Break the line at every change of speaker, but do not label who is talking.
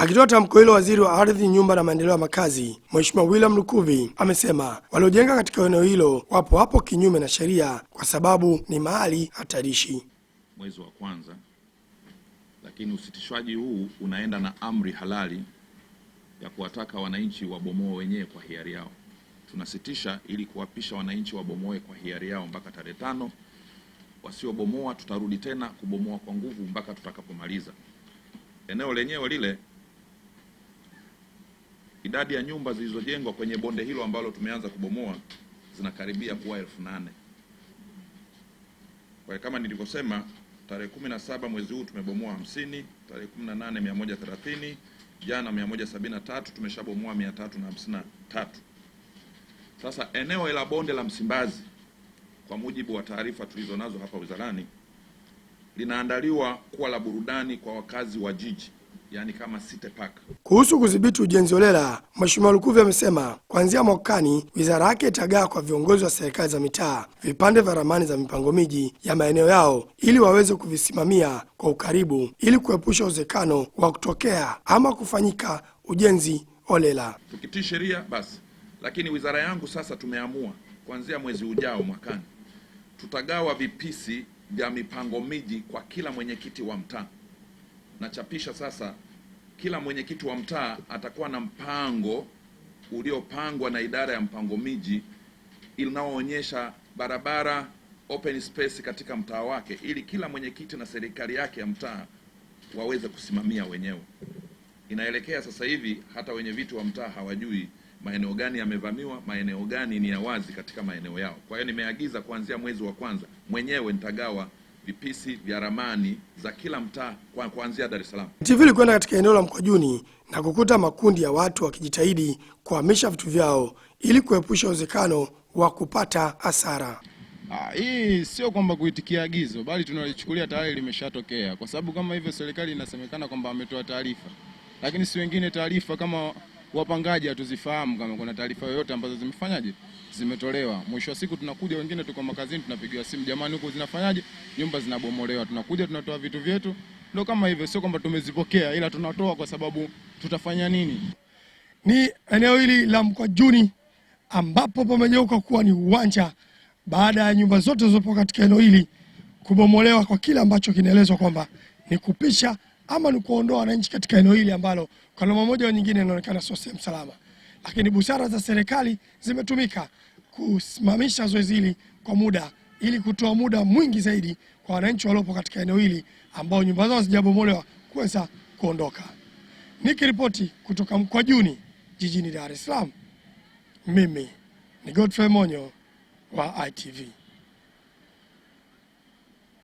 Akitoa tamko hilo, waziri wa ardhi, nyumba na maendeleo ya makazi Mheshimiwa William Lukuvi amesema waliojenga katika eneo hilo wapo hapo kinyume na sheria kwa sababu ni mahali hatarishi.
Mwezi wa kwanza, lakini usitishwaji huu unaenda na amri halali ya kuwataka wananchi wabomoe wenyewe kwa hiari yao. Tunasitisha ili kuwapisha wananchi wabomoe kwa hiari yao mpaka tarehe tano. Wasiobomoa tutarudi tena kubomoa kwa nguvu mpaka tutakapomaliza. Eneo lenyewe lile Idadi ya nyumba zilizojengwa kwenye bonde hilo ambalo tumeanza kubomoa zinakaribia kuwa elfu nane. Kwa kama nilivyosema, tarehe 17 mwezi huu tumebomoa 50, tarehe moja thelathini, jana 173, tumeshabomoa 353. Sasa eneo la bonde la Msimbazi kwa mujibu wa taarifa tulizonazo hapa wizarani linaandaliwa kuwa la burudani kwa wakazi wa jiji yani kama city park.
Kuhusu kudhibiti ujenzi holela, Mheshimiwa Lukuvi amesema kuanzia mwakani wizara yake itagaa kwa viongozi wa serikali za mitaa vipande vya ramani za mipango miji ya maeneo yao ili waweze kuvisimamia kwa ukaribu ili kuepusha uwezekano wa kutokea ama kufanyika ujenzi holela.
Tukitii sheria basi, lakini wizara yangu sasa tumeamua kuanzia mwezi ujao mwakani tutagawa vipisi vya mipango miji kwa kila mwenyekiti wa mtaa nachapisha sasa. Kila mwenyekiti wa mtaa atakuwa na mpango uliopangwa na idara ya mpango miji inaoonyesha barabara, open space katika mtaa wake, ili kila mwenyekiti na serikali yake ya mtaa waweze kusimamia wenyewe. Inaelekea sasa hivi hata wenye viti wa mtaa hawajui maeneo gani yamevamiwa, maeneo gani ni ya wazi katika maeneo yao. Kwa hiyo nimeagiza kuanzia mwezi wa kwanza mwenyewe nitagawa vipisi vya ramani za kila mtaa kwa kuanzia Dar es Salaam.
TV ilikwenda katika eneo la Mkwajuni na kukuta makundi ya watu wakijitahidi kuhamisha vitu vyao ili kuepusha uwezekano wa kupata hasara.
Ah, hii sio kwamba kuitikia agizo bali tunalichukulia tayari limeshatokea, kwa sababu kama hivyo serikali inasemekana kwamba ametoa taarifa, lakini si wengine taarifa kama wapangaji hatuzifahamu kama kuna taarifa yoyote ambazo zimefanyaje zimetolewa. Mwisho wa siku tunakuja, wengine tuko makazini, tunapigiwa simu, jamani, huko zinafanyaje, nyumba zinabomolewa. Tunakuja tunatoa vitu vyetu, ndio kama hivyo. Sio kwamba tumezipokea, ila tunatoa kwa sababu tutafanya nini?
Ni eneo hili la Mkwajuni ambapo pamejeuka kuwa ni uwanja baada ya nyumba zote zilizopo katika eneo hili kubomolewa kwa kile ambacho kinaelezwa kwamba ni kupisha ama ni kuondoa wananchi katika eneo hili ambalo kwa namna moja au nyingine inaonekana sio sehemu salama. Lakini busara za serikali zimetumika kusimamisha zoezi hili kwa muda ili kutoa muda mwingi zaidi kwa wananchi waliopo katika eneo hili ambao nyumba zao hazijabomolewa kuweza kuondoka. Nikiripoti kutoka Mkwajuni jijini Dar es Salaam, mimi ni Godfrey Monyo wa ITV.